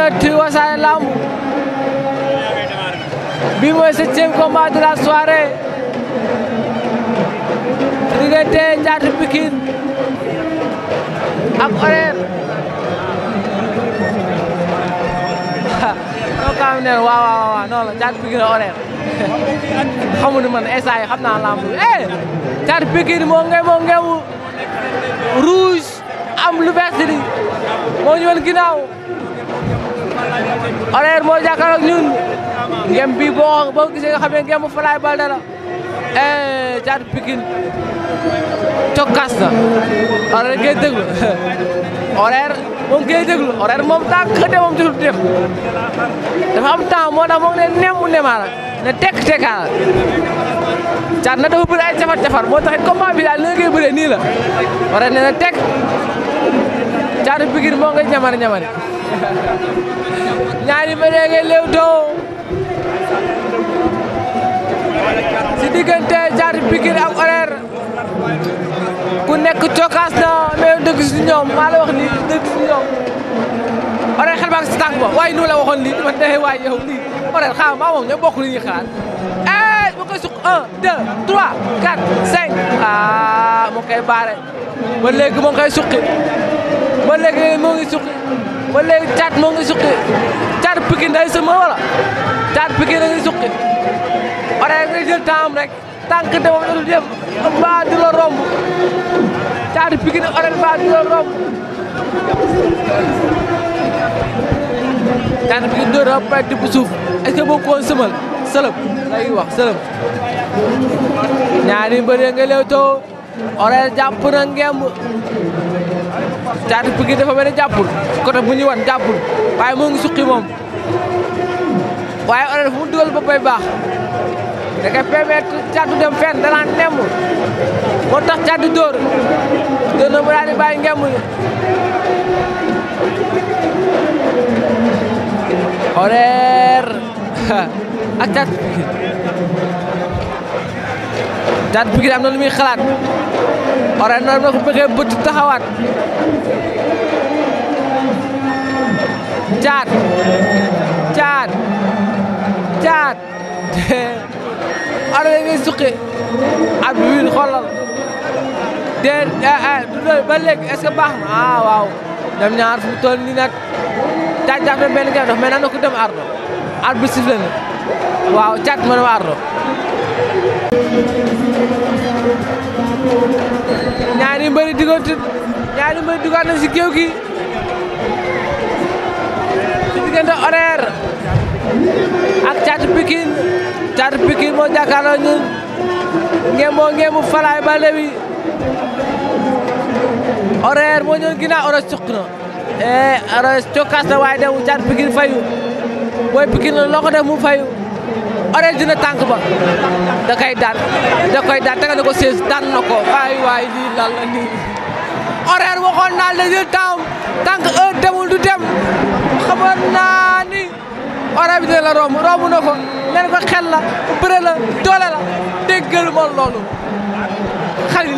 numéro 2 Wassare Lamb bi mooy septième combat de la soirée diggante Ndiatou Pikine ak horaire noo ko am ne waaw waaw noonu la Ndiatou Pikine horaire xamu ne man instant yi xam naa lamb eh Ndiatou Pikine moo nge am lu vert li moo ñu horaire moo jàkkaarloo ak ñun ngem bi boo boo gisee nga xam ne ngem Falaye Baldé la eh Caatu Pikine cokkaas na horaire ngay déglu horaire moom ngay déglu horaire moom tànk de moom jotul def dafa am temps moo tax moo ngi ne nemmu nemaara ne tekk tekkaara caat na dafa ay cafar-cafar moo taxit combat bi daal ni ngay bëree nii la horaire ne na tekk Caatu Pikine moo ngay ñamar ñamari ñaari mbër yaa ngi Leewtoo si diggante Caatu Pikine ak Horaire ku nekk cokaas na mais dëgg si ñoom maa la wax nii dëgg si ñoom Horaire xel si tànk ba waaye nu la waxoon lii man de waaye yow lii Horaire xaaral maa moom ñoo bokk li ñuy xalaat eh bu koy suq 1 2 3 4 5 ah mu ngi koy baare ba léegi mu ngi koy ngi suqi ba léegi cat moo ngi suqi caat Pikine day sëma wala caat Pikine da ngi suqi oree ngay jël rek tànk demam dadu def mbaa du la romb caat Pikine oree mbaa du la romb caat Pikine a pet bu suuf est-ce que boo koon sëmal sëlëb lay wax sëlëb ñaari Horaire jàpp na ngemb Caatu Pikine dafa mel ni jàppul côté bu ñuy wan jàppul waaye moo ngi suqi moom waaye Horaire fu mu dugal ba bay baax da koy permettre Caatu dem fenn danaan nemb moo tax Caatu dóor dóor na mu daal di bàyyi ngemb li Horaire ak na lu muy xalaat Oranje nar na ko bëggee bët taxawaat caat caat caat Oranje ngay suqi at bi wiin xoolal déet eh, eh, ba léegi est-ce que baax na ah waaw dem ñaar fu mu toll nii caat na benn gerte mais nan la ko dem ardo ardo bi sifflé waaw caat mën na ma mbëri diggante ñaari mbëri duggaat nañ si géew gi si diggante horaire ak caatu Pikine caatu Pikine moo jàkkaarloo ñun ngeen moo ngeen mu falaay ba lewi horaire moo ñëw ginnaaw horaire cuq na eh horaire cokkaas na waaye dem caatu Pikine fayu booy Pikine loxo def mu fayu Orange dina tànk ba da koy daan da koy daan tegal na ko sées daan na ko waay waay lii lan la nii Orange waxoon naa la jël tànk heure demul du dem xamoon naa ni Orange bi dina la romb romb na ko nen ko xel la bëre la doole la déggal loolu